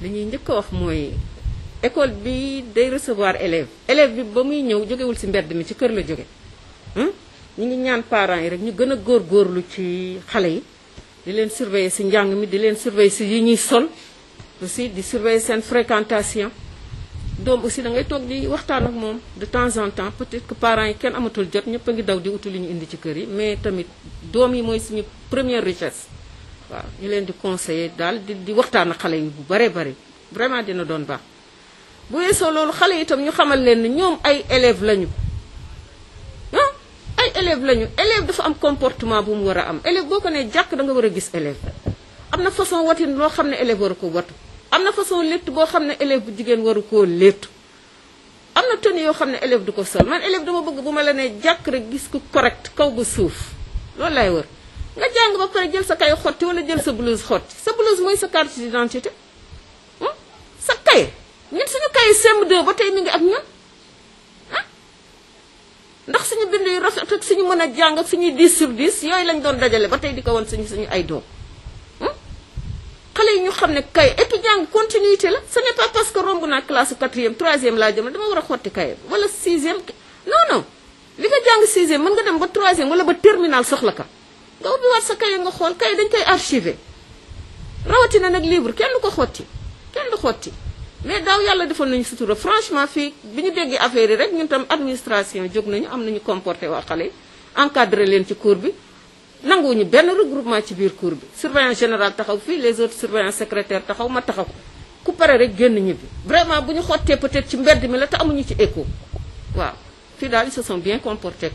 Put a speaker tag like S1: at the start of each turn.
S1: li ñuy njëkk a wax mooy école bi day recevoir élève élève bi ba muy ñëw jógewul si mbedd mi ci kër la jóge hmm? ñu ngi ñaan parent yi rek ñu gën a góor góorlu ci xale yi di leen surveiller si njàng mi di leen surveiller si yi ñuy sol aussi di surveiller seen fréquentation doom aussi da ngay toog di waxtaan ak moom de temps en temps peut-être que parents yi kenn amatul jot ñëpp a ngi daw di utu li ñu indi ci kër yi mais tamit doom yi mooy suñu première richesse waaw ñu leen di conseiller daal di di waxtaan xale yi bu bare bare vraiment dina doon baax bu weesoo loolu xale yi itam ñu xamal leen ni ñoom ay élève lañu ah ay élève lañu élève dafa am comportement bu mu war a am élève boo ko nee jàkk da nga war a gis élève am na façon watin loo xam ne élève war a ko watu am na façon létt boo xam ne élève bu jigéen waru koo léttu am na yoo xam ne élève du ko sol man élève dama bëgg bu ma la nee jàkk rek gis ku correct kaw ba suuf loolu laay wër nga jàng ba pare jël sa kay xotti wala jël sa blouse xotti sa blouse mooy sa carte d'identité hmm? sa kay ñun suñu kay CM2 ba tey mi ngi ak ñun ah ndax suñu bind yu rafet ak suñu mën a jàng ak suñuy 10 sur lañ doon dajale ba tey di ko woon suñu suñu ay doom hmm? xale yi ñu xam ne kay et puis jàng continuité la ce n'est pas parce que romb naa classe quatrième troisième laa jëm dama war a xotti kayam wala sixième non li nga jàng sixième mën nga dem ba troisième wala ba terminal soxla ka nga ubbi waat sa kaye nga xool kaye dañ koy archivé rawatina nag livre kenn du ko xotti kenn du xotti mais daaw yàlla defal nañu sutura franchement fii bi ñu déggee affaire yi rek ñun tam administration jóg nañu am nañu comporté wax xale yi encadré leen ci cour bi ñu benn regroupement ci biir cour bi surveillant général taxaw fii les autres surveillants secrétaires taxaw ma taxaw ku pare rek génn ñibbi vraiment bu ñu xottee peut-être ci mbedd mi la te amuñu ci écho waaw fii daal ils se sont bien comportés